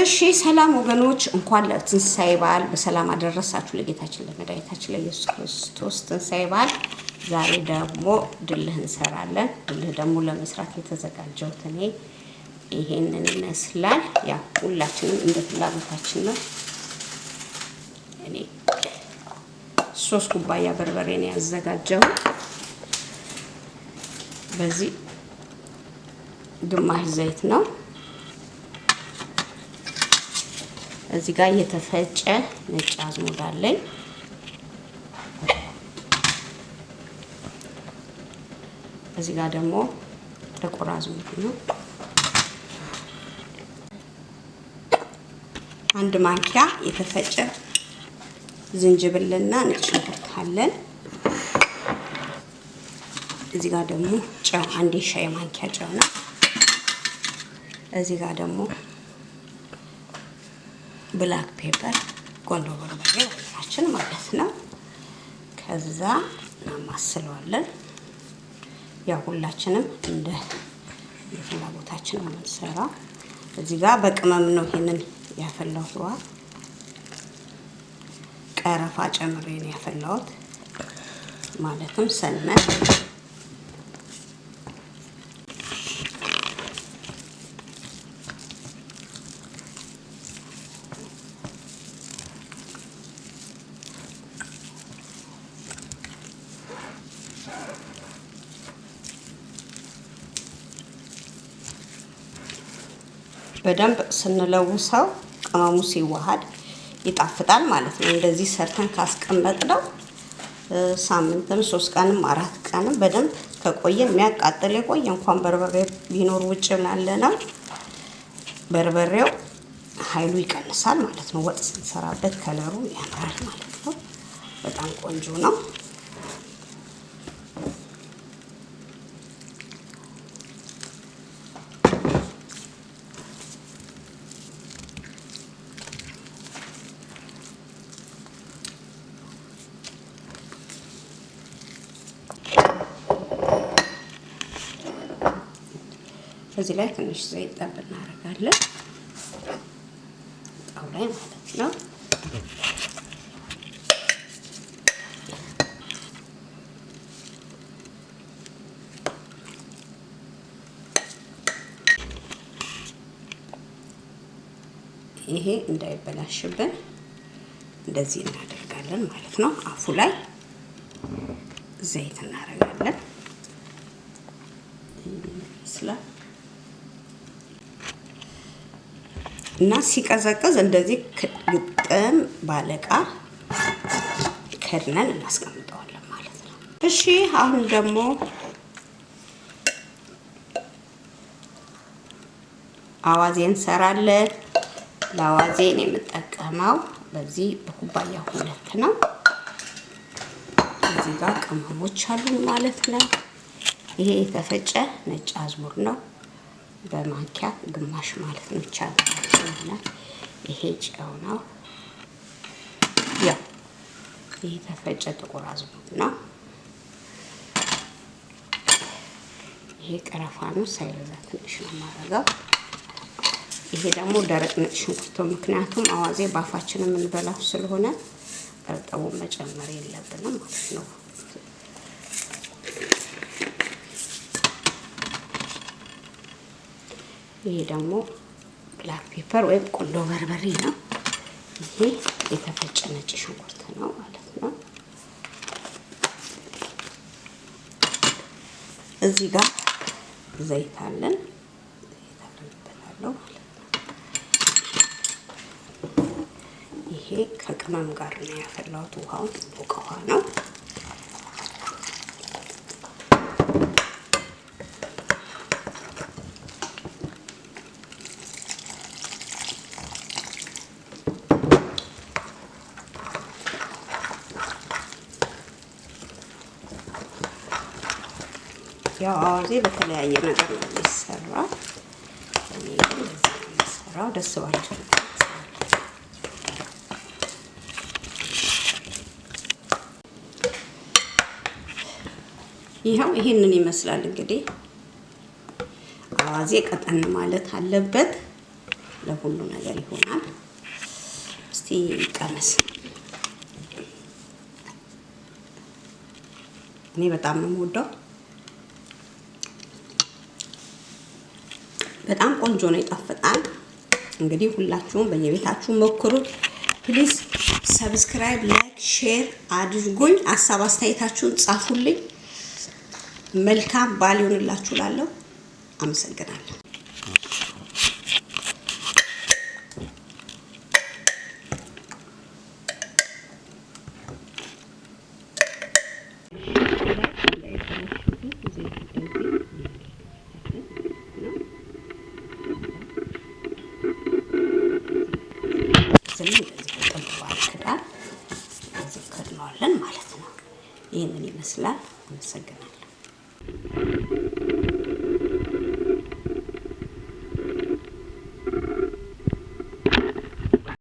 እሺ ሰላም ወገኖች፣ እንኳን ለትንሳኤ በዓል በሰላም አደረሳችሁ። ለጌታችን ለመድኃኒታችን ለኢየሱስ ክርስቶስ ትንሳኤ በዓል ዛሬ ደግሞ ድልህ እንሰራለን። ድልህ ደግሞ ለመስራት የተዘጋጀሁት እኔ ይሄንን ይመስላል። ያ ሁላችንም እንደ ፍላጎታችን ነው። እኔ ሶስት ኩባያ በርበሬን ነው በዚህ ግማሽ ዘይት ነው እዚህ ጋር የተፈጨ ነጭ አዝሙድ አለኝ። እዚህ ጋር ደግሞ ጥቁር አዝሙድ ነው። አንድ ማንኪያ የተፈጨ ዝንጅብልና ነጭ ሽንኩርት አለን። እዚህ ጋር ደግሞ ጨው አንድ ሻይ ማንኪያ ጨው ነው። እዚህ ጋር ደግሞ ብላክ ፔፐር ጎን ለጎን በርበሬያችን ማለት ነው። ከዛ እናማስለዋለን። ያው ሁላችንም እንደ የፍላጎታችን የምንሰራ እዚህ ጋር በቅመም ነው ይሄንን ያፈላሁት ውሃ ቀረፋ ጨምሬ ነው ያፈላሁት። ማለትም ሰነት በደንብ ስንለውሰው ቅመሙ ሲዋሃድ ይጣፍጣል ማለት ነው። እንደዚህ ሰርተን ካስቀመጥነው ሳምንትም ሶስት ቀንም አራት ቀንም በደንብ ከቆየ የሚያቃጥል የቆየ እንኳን በርበሬ ቢኖር ውጭ ላለ ነው በርበሬው ኃይሉ ይቀንሳል ማለት ነው። ወጥ ስንሰራበት ከለሩ ያምራል ማለት ነው። በጣም ቆንጆ ነው። ከዚህ ላይ ትንሽ ዘይት ጠብ እናደርጋለን ጣው ላይ ማለት ነው። ይሄ እንዳይበላሽብን እንደዚህ እናደርጋለን ማለት ነው። አፉ ላይ ዘይት እናደርጋለን ይመስላል እና ሲቀዘቅዝ እንደዚህ ግጥም ባለቃ ከድነን እናስቀምጠዋለን ማለት ነው። እሺ አሁን ደግሞ አዋዜ እንሰራለን። ለአዋዜን የምጠቀመው በዚህ በኩባያ ሁለት ነው። እዚህ ጋር ቅመሞች አሉ ማለት ነው። ይሄ የተፈጨ ነጭ አዝሙድ ነው። በማንኪያ ግማሽ ማለት ነው ይቻላል። ነው። ይሄ ጨው ነው። ያው ይሄ ተፈጨ ጥቁር አዝሙድ ነው። ይሄ ቀረፋ ነው። ሳይበዛ ትንሽ ነው የማደርገው። ይሄ ደግሞ ደረቅ ነጭ ሽንኩርት፣ ምክንያቱም አዋዜ ባፋችን የምንበላው ስለሆነ እርጥቡን መጨመር የለብንም ማለት ነው። ይሄ ደግሞ ብላክ ፔፐር ወይም ቆሎ በርበሬ ነው። ይሄ የተፈጨ ነጭ ሽንኩርት ነው ማለት ነው። እዚህ ጋር ዘይት አለን። ዘይት አድርግበታለሁ ማለት ነው። ይሄ ከቅመም ጋር ነው ያፈላሁት። ውሃውን ሞቀ ውሃ ነው። ያው አዋዜ በተለያየ ነገር ነው የሚሰራ። የሚሰራው ደስ ባላችሁ ይኸው ይህንን ይመስላል እንግዲህ አዋዜ ቀጠን ማለት አለበት። ለሁሉ ነገር ይሆናል። እስቲ ቀመስ። እኔ በጣም ነው የምወደው። በጣም ቆንጆ ነው፣ ይጣፍጣል። እንግዲህ ሁላችሁም በየቤታችሁ ሞክሩት። ፕሊዝ ሰብስክራይብ፣ ላይክ፣ ሼር አድርጉኝ። ሀሳብ አስተያየታችሁን ጻፉልኝ። መልካም ባል ይሆንላችሁ። ላለሁ አመሰግናለሁ። ይህንን ይመስላል። አመሰግናለሁ።